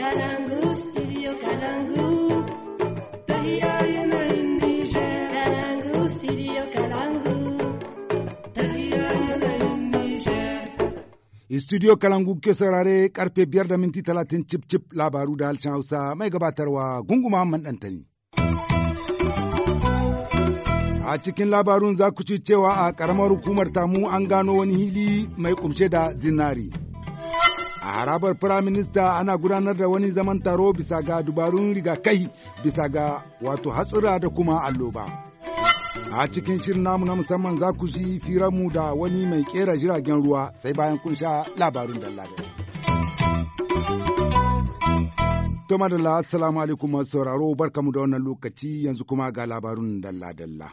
Kalangu, studio Kalangu. ke saurare karfe biyar da minti talatin cip cip labaru da halshen Hausa mai gabatarwa gunguma mandantani. A cikin labarun za ku ci cewa a ƙaramar hukumar tamu an gano wani hili mai kumshe da zinari. a harabar firaminista ana gudanar da wani zaman taro bisa ga dubarun rigakai bisa ga wato hatsura da kuma alloba a cikin shirin namu na musamman za ku shi firanmu da wani mai kera jiragen ruwa sai bayan kun sha labarin dallada. dalla To madalla assalamu alaikum masu sauraro barkamu da wannan lokaci yanzu kuma ga labarun dalla-dalla.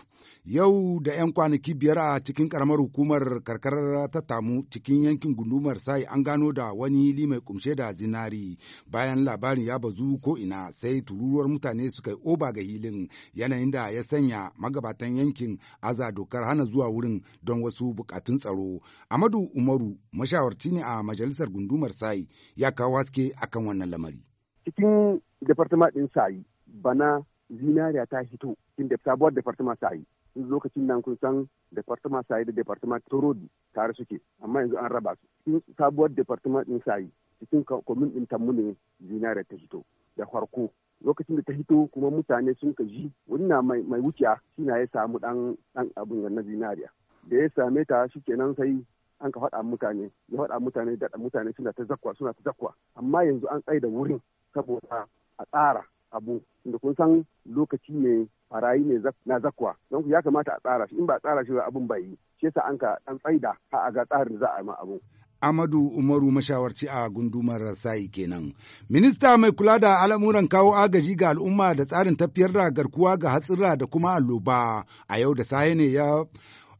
Yau da 'yan kwanaki biyar a cikin karamar hukumar karkarar ta tamu cikin yankin gundumar sai an gano da wani hili mai kumshe da zinari bayan labarin ya bazu ko ina sai tururuwar mutane suka yi oba ga hilin yanayin da ya sanya magabatan yankin aza dokar hana zuwa wurin don wasu bukatun tsaro. Amadu Umaru mashawarci ne a majalisar gundumar sai ya kawo haske akan wannan lamari. Cikin departament din sai bana zinariya ta hito cikin sabuwar departament sai lokacin nan kun san departement sayi da departement torodi tare suke amma yanzu an raba su cikin sabuwar departement din sayi cikin komin din tammu ne zinare ta hito da farko lokacin da ta hito kuma mutane sun ka ji wannan mai mai wuciya shina ya samu dan dan abun na zinariya da ya same ta shikenan sai an ka faɗa mutane ya faɗa mutane da mutane suna ta zakwa suna ta zakwa amma yanzu an tsaye da wurin saboda a tsara abu da kun san lokaci ne farayi ne na zakwa don ku ya kamata a tsara shi in ba a tsara shi ba abin bai yi shi yasa an ka dan tsaida a ga tsarin za a ma abun Amadu Umaru mashawarci a gundumar Rasai kenan. Minista mai kula da al'amuran kawo agaji ga al'umma da tsarin tafiyar da garkuwa ga hatsira da kuma alloba a yau da saye ne ya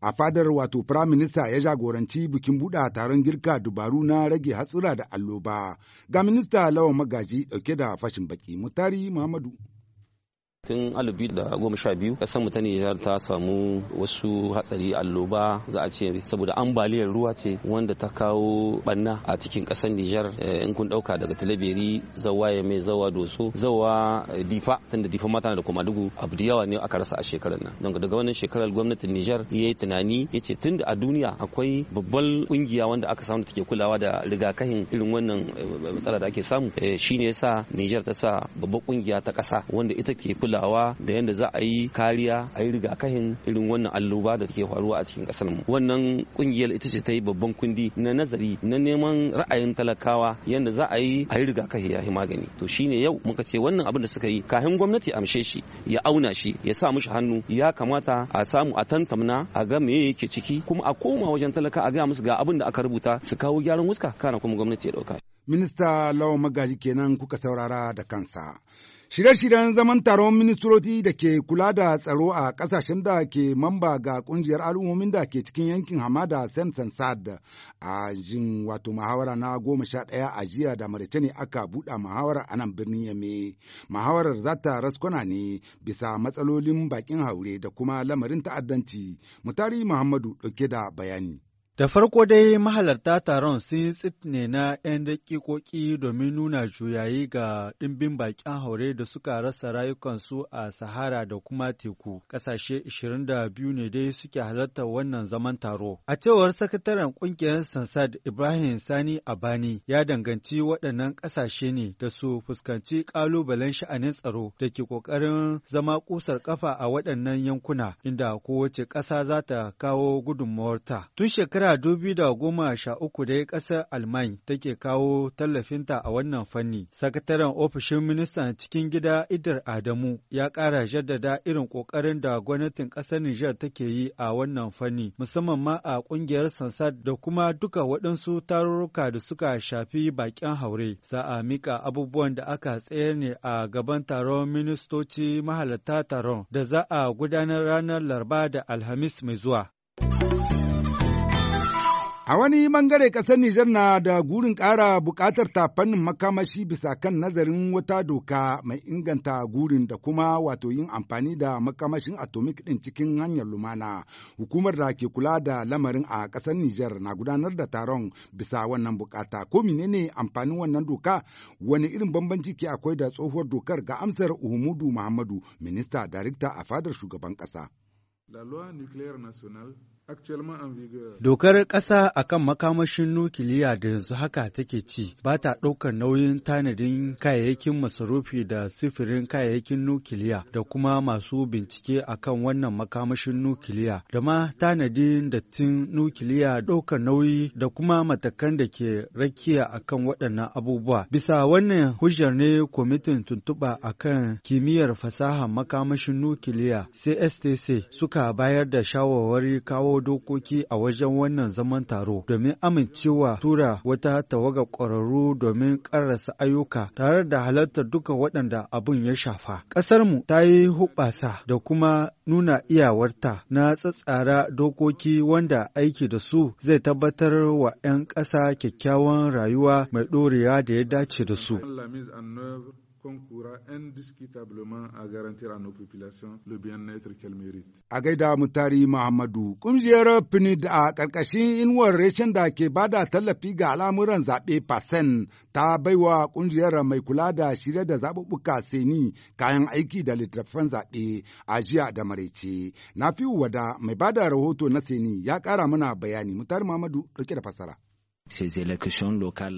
a fadar wato firaminista ya jagoranci bikin buɗa taron girka dubaru na rage hatsura da alloba ga minista lawan magaji ɗauke da fashin baki mutari muhammadu tun alubi da goma sha biyu kasan mu ta Nijar ta samu wasu hatsari alloba za a ce saboda ambaliyar ruwa ce wanda ta kawo banna a cikin kasan Nijar eh, in kun dauka daga Talabiri zawa ya mai zawa doso zawa eh, difa tun da difa mata da kuma dugu abu da yawa ne aka rasa a shekarar nan don daga wannan shekarar gwamnatin Nijar yi tunani ce tun da a duniya akwai babbar kungiya wanda aka samu take kulawa da rigakafin irin wannan eh, matsala da ake samu shine yasa Nijar ta sa babbar kungiya ta kasa wanda ita ke kula kulawa da yadda za a yi kariya a yi rigakafin irin wannan alluba da ke faruwa a cikin kasar mu wannan kungiyar ita ce ta yi babban kundi na nazari na neman ra'ayin talakawa yadda za a yi a yi rigakafi ya yi magani to shine yau muka ce wannan abin da suka yi kafin gwamnati amshe shi ya auna shi ya sa mushi hannu ya kamata a samu a tantamna a ga me yake ciki kuma a koma wajen talaka a ga musu ga abin da aka rubuta su kawo gyaran wuska kana kuma gwamnati ya dauka minista lawan magaji kenan kuka saurara da kansa Shirye-shiryen zaman taron ministoci da ke kula da tsaro a ƙasashen da ke mamba ga ƙungiyar al'ummomin da ke cikin yankin hamada Samson Sad a jin wato muhawara na goma sha ɗaya a jiya da maritani aka buɗe muhawara a nan birnin Yame. Muhawarar za ta raskwana ne bisa matsalolin bakin haure da kuma lamarin ta'addanci. Mutari Muhammadu ɗauke da bayani. Da farko dai mahalarta taron sun yi ne na 'yan daƙiƙoƙi domin nuna juyayi ga ɗimbin baƙin haure da suka rasa rayukansu a Sahara da kuma teku. Ƙasashe 22 ne dai suke halartar wannan zaman taro. A cewar sakataren ƙungiyar Sansad Ibrahim Sani Abani ya danganci waɗannan ƙasashe ne da su fuskanci ƙalubalen sha'anin tsaro da ke ƙoƙarin zama ƙusar ƙafa a waɗannan yankuna inda kowace ƙasa za ta kawo gudunmawarta. Tun shekara shekara goma sha uku dai ƙasar Alman take kawo tallafinta a wannan fanni. Sakataren ofishin ministan cikin gida Idar Adamu ya ƙara jaddada irin ƙoƙarin da gwamnatin ƙasar Nijar take yi a wannan fanni, musamman ma a ƙungiyar Sansad da kuma duka waɗansu tarurruka da suka shafi bakin haure. Sa'a mika abubuwan da aka tsayar ne a gaban taron ministoci mahalarta taron da za a gudanar ranar Laraba da Alhamis mai zuwa. A wani bangare ƙasar Nijar na da gurin ƙara buƙatar ta makamashi bisa kan nazarin wata doka mai inganta gurin da kuma wato yin amfani da makamashin atomic ɗin cikin hanyar lumana. Hukumar da ke kula da lamarin a ƙasar Nijar na gudanar da taron bisa wannan buƙata. Ko menene amfanin wannan doka? Wani irin bambanci ke akwai da tsohuwar dokar ga amsar Uhumudu Muhammadu, minista darikta a fadar shugaban ƙasa. La loi nucléaire nationale Dokar ƙasa a kan makamashin nukiliya da yanzu haka take ci ba ta ɗaukar nauyin tanadin kayayyakin masarufi da sifirin kayayyakin nukiliya da kuma masu bincike a kan wannan makamashin nukiliya da ma tanadin dattin nukiliya ɗaukar nauyi da kuma matakan da ke rakiya a kan waɗannan abubuwa. Bisa wannan hujjar ne kwamitin tuntuɓa a kan kimiyyar fasahar makamashin nukiliya CSTC suka bayar da shawarwari kawo dokoki a wajen wannan zaman taro domin amincewa tura wata tawaga ƙwararru domin ƙarasa ayyuka tare da halartar duka waɗanda abin ya shafa. Ƙasarmu ta yi huɓasa da kuma nuna iyawarta na tsatsara dokoki wanda aiki da su zai tabbatar wa 'yan ƙasa kyakkyawan rayuwa mai ɗorewa da ya dace da su. concourra indiscutablement à garantir à nos populations le bien-être qu'elles méritent. A gaida mutari Muhammadu, ƙungiyar PNID a ƙarƙashin inuwar reshen da ke bada tallafi ga al'amuran zaɓe PASEN ta baiwa ƙungiyar mai kula da shirya da zaɓuɓɓuka seni kayan aiki da littattafan zaɓe a jiya da maraice. Na fi wada mai bada rahoto na seni ya ƙara mana bayani. Mutari Muhammadu ɗauke da fassara.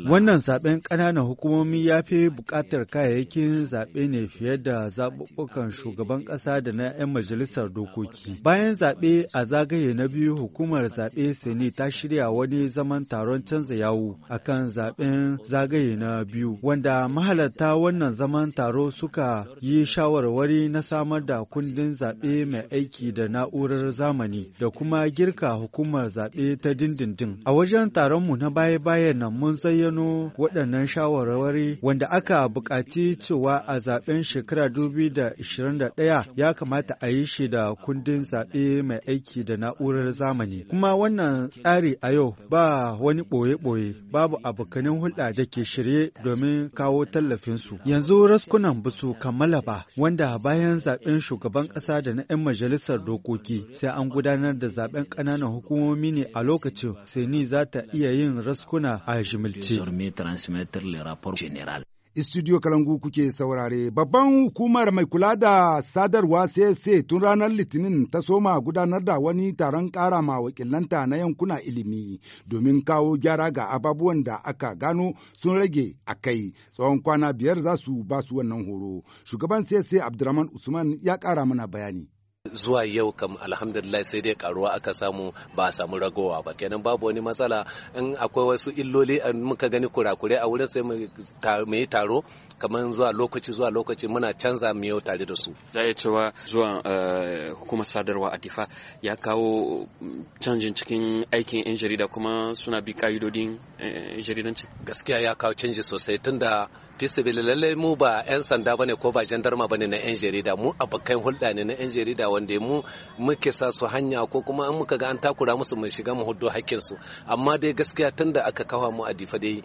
Wannan zaben ƙananan hukumomi ya fi buƙatar kayayyakin zaɓe ne fiye da zaɓuɓɓukan shugaban ƙasa da na 'yan majalisar dokoki. Bayan zaɓe a zagaye na biyu hukumar zaɓe Seni ta shirya wani zaman taron canza yawu akan zaɓen zagaye na biyu wanda mahalarta wannan zaman taro suka yi shawarwari na samar da kundin zaɓe mai aiki da na'urar zamani da kuma girka hukumar zaɓe ta dindindin. A wajen taron mu na baya-bayan nan mun zayyano waɗannan shawarwari wanda aka buƙaci cewa a zaɓen shekara 2021 ya kamata a yi shi da kundin zaɓe mai aiki da na'urar zamani. Kuma wannan tsari a yau ba wani ɓoye-ɓoye babu abokanin hulɗa da ke shirye domin kawo tallafinsu. Yanzu raskunan ba su kammala ba wanda bayan zaɓen shugaban ƙasa da na 'yan majalisar dokoki sai an gudanar da zaɓen ƙananan hukumomi ne a lokacin sai ni za ta iya yin raskuna a jimilce. Studio Kalangu kuke saurare babban hukumar mai kula da sadarwa CSA tun ranar Litinin ta soma gudanar da wani taron ƙara ma wakilanta na yankuna ilimi domin kawo gyara ga ababuwan da aka gano sun rage a kai tsawon kwana biyar za su ba su wannan horo. Shugaban CSA Abdurrahman Usman ya ƙara mana bayani. zuwa yau kam alhamdulillah sai dai karuwa aka samu ba a samu ragowa ba kenan babu wani matsala in akwai wasu illoli muka gani kurakure a wurin sai mu yi taro kamar zuwa lokaci zuwa lokaci muna canza mu yau tare da su za iya cewa zuwa eh, hukumar sadarwa a difa ya kawo canjin cikin aikin yan jarida kuma suna bi ka'idodin yan eh, jaridanci gaskiya ya kawo canji sosai tunda fisibili lallai mu ba yan sanda bane ko ba jandarma bane na yan jarida mu abokan hulɗa ne na yan jarida wanda mu muke sa su hanya ko kuma an muka ga an takura musu mun shiga mu hudu hakkin su amma dai gaskiya tunda aka kawa mu a difa dai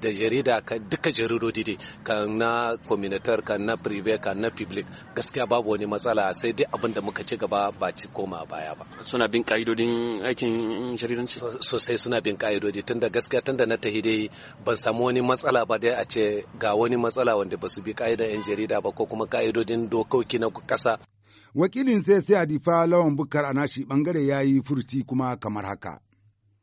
da jarida ka duka jaridodi dai ka na communitar ka na private ka na public gaskiya babu wani matsala sai dai abin da muka ci gaba ba ci koma baya ba suna bin ka'idodin aikin jaridanci sosai suna bin ka'idodi tunda gaskiya tunda na tahi dai ban samu wani matsala ba dai a ce ga wani matsala wanda ba su bi ka'idar 'yan jarida ba ko kuma ka'idodin dokoki na kasa wakilin sai sai a difa lawan bukar a nashi bangare ya yi furci kuma kamar haka.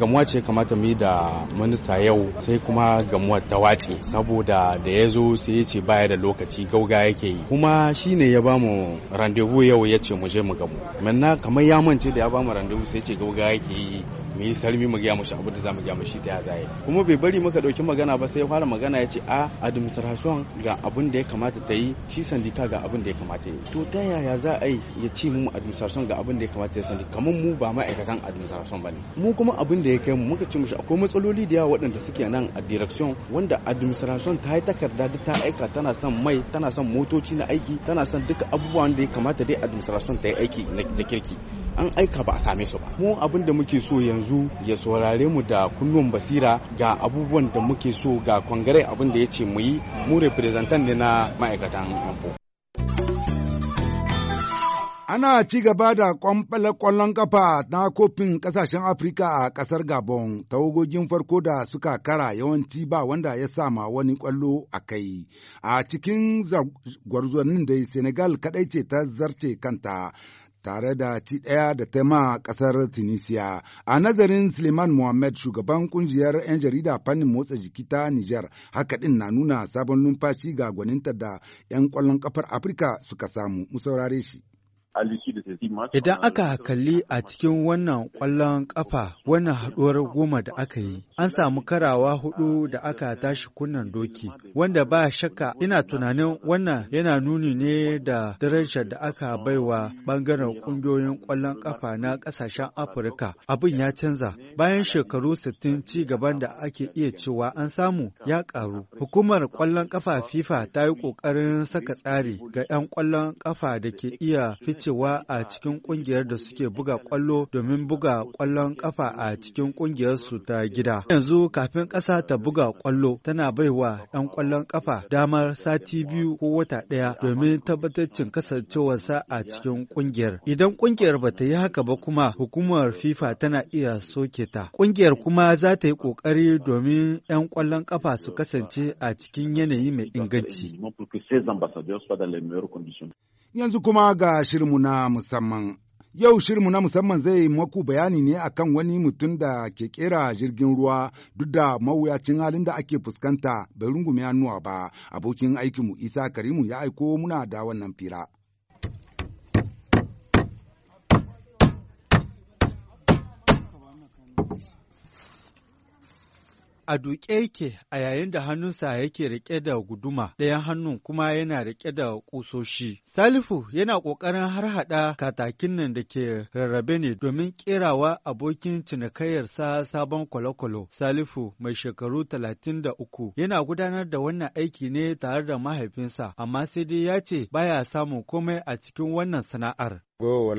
gamuwa ce kamata mu yi da minista yau sai kuma gamuwa ta wace saboda da ya zo sai ya ce baya da lokaci gauga yake yi kuma shine ya ya bamu randevu yau ya ce mu je mu gamu manna kamar ya mance da ya bamu randevu sai ya ce gauga yake yi mu yi salmi mu gaya mushi abu da za mu gaya mushi ta ya zaye kuma bai bari muka dauki magana ba sai ya fara magana ya ce a administration ga abin da ya kamata ta yi shi sandika ga abin da ya kamata yi to ta yaya za a yi ya ce mu administration ga abin da ya kamata ya sandika kamar mu ba ma'aikatan administration ba ne mu kuma abin da ya kai mu muka ce mushi akwai matsaloli da yawa waɗanda suke nan a direction wanda administration ta yi takarda duk ta aika tana son mai tana son motoci na aiki tana son duka abubuwan da ya kamata dai administration ta yi aiki da kirki an aika ba a same su ba mu abin da muke so yanzu ya saurare mu da kunnuwan basira ga abubuwan da muke so ga kwangare abin da ya ce mu yi mu representant ne na ma'aikatan info Ana ci gaba da kwamfala kwallon ƙafa na kofin ƙasashen Afirka a ƙasar Gabon, tawagogin farko da suka kara yawanci ba wanda ya sama wani kwallo a kai. A cikin gwarzonin da Senegal kadai ce ta zarce kanta. tare da ci ɗaya da ta ma ƙasar Tunisia. A nazarin Suleiman Mohamed shugaban kungiyar 'yan jarida fannin motsa jiki ta Nijar, haka ɗin na nuna sabon numfashi ga gwaninta da 'yan kwallon ƙafar Afirka suka samu. Mu saurare shi. Idan aka kalli a cikin wannan ƙwallon ƙafa wannan haɗuwar goma da aka yi, an samu karawa hudu da aka tashi kunnan doki, wanda ba shakka ina tunanin wannan yana nuni ne da darajar da aka baiwa ɓangaren ƙungiyoyin ƙwallon ƙafa na ƙasashen Afirka. Abin ya canza bayan shekaru sittin ci gaban da ake iya cewa an samu ya ƙaru. Hukumar ƙwallon ƙafa FIFA ta yi ƙoƙarin saka tsari ga 'yan ƙwallon ƙafa da ke iya fice dacewa a cikin kungiyar da suke buga kwallo domin buga kwallon kafa a cikin kungiyar su ta gida. Yanzu kafin ƙasa ta buga kwallo tana baiwa 'yan kwallon kafa damar sati biyu ko wata ɗaya domin tabbatacin kasancewarsa a cikin kungiyar. Idan kungiyar ba ta yi haka ba kuma hukumar FIFA tana iya soke ta. Kungiyar kuma za ta yi ƙoƙari domin 'yan kwallon kafa su kasance a cikin yanayi mai inganci. Yanzu kuma ga shirmu na musamman. Yau shirmu na musamman zai maku bayani ne akan wani mutum da ke kera jirgin ruwa duk da mawuyacin halin da ake fuskanta bai rungume hannuwa ba abokin aikinmu Isa Karimu ya aiko muna da wannan fira. a duƙe yake a yayin da hannunsa yake riƙe da guduma ɗayan hannun kuma yana riƙe da ƙusoshi. Salifu yana ƙoƙarin harhaɗa katakin nan da ke rarrabe ne domin ƙerawa abokin cinikayyarsa sabon kwalokwalo. Salifu mai shekaru talatin da uku yana gudanar da wannan aiki ne tare da mahaifinsa amma sai dai ya ce baya samun komai a cikin wannan sana'ar. Oh,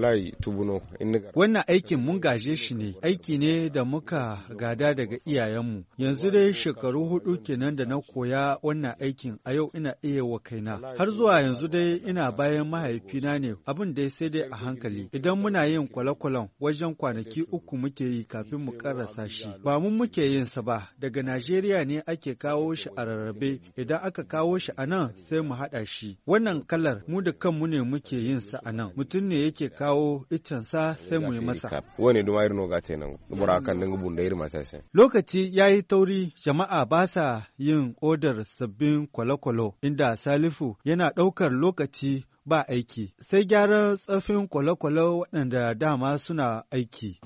wannan aikin mun gaje shi ne, aiki ne da muka gada daga iyayenmu. Yanzu dai shekaru hudu kenan da na koya wannan aikin a yau ina iya wa kaina. Har zuwa yanzu dai ina bayan mahaifina ne abin dai sai dai a hankali. Idan muna yin kwale-kwalen wajen kwanaki uku muke yi kafin mu karasa shi. Ba mun muke yin sa ba, daga Najeriya ne ake kawo shi a rarrabe. Idan aka kawo shi a nan sai mu haɗa shi. Wannan kalar mu da kanmu ne muke yin sa a nan. Mutum ne yake kawo sa sai mu yi masa. Wani duma irin ce nan, bura kan dinga bunda irin mata Lokaci ya yi tauri jama'a ba sa yin odar sabbin kwalokwalo inda Salifu yana ɗaukar lokaci ba aiki, sai gyaran tsafin kwale-kwale waɗanda dama suna aiki.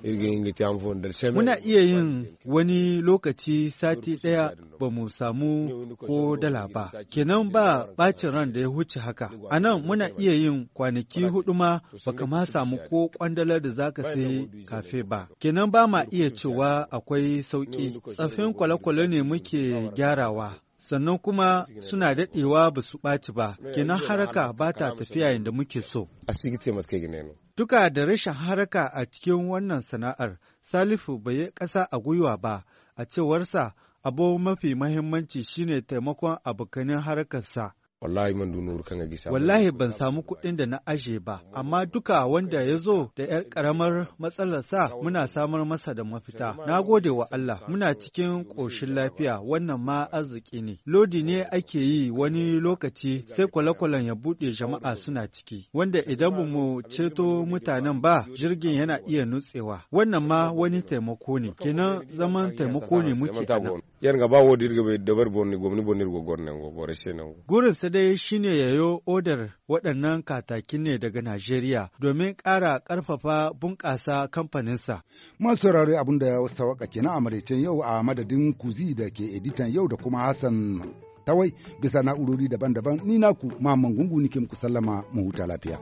Muna iya yin wani lokaci sati ɗaya ba mu samu ko dala ba, kenan ba bacin ran da ya huce haka. A nan muna iya yin kwanaki hudu ma baka ma samu ko kwandalar da za ka sayi kafe ba. Kenan ba ma iya cewa akwai sauƙi, tsafin kwale-kwale ne muke gyarawa. sannan kuma suna daɗewa ba su ɓaci ba, kenan haraka ba ta tafiya yadda muke so. Duka da rashin haraka a cikin wannan sana'ar, Salifu bai yi ƙasa a gwiwa ba, a cewarsa abu mafi mahimmanci shine taimakon abokanin harakarsa. wallahi man kan gisa wallahi ban samu kuɗin da na aje ba amma duka wanda ya zo da yar karamar matsalar sa muna samar masa da mafita na gode wa Allah muna cikin ƙoshin lafiya wannan ma arziki ne lodi ne ake yi wani lokaci sai kwale-kwalen ya buɗe jama'a suna ciki wanda idan ba mu ceto mutanen ba jirgin yana iya nutsewa wannan ma wani taimako ne kenan zaman taimako ne muke yan gaba wo dirga bai dabar bonni gomni bonni go gorne go gore shenan go gurin sa dai shine yayo odar wadannan katakin ne daga Najeriya domin kara karfafa bunƙasa kamfanin sa masu saurare abin da sawaka ke na maraicen yau a madadin kuzi da ke editan yau da kuma Hassan Tawai bisa na'urori daban-daban ni naku ma Gungu nike muku sallama mu huta lafiya.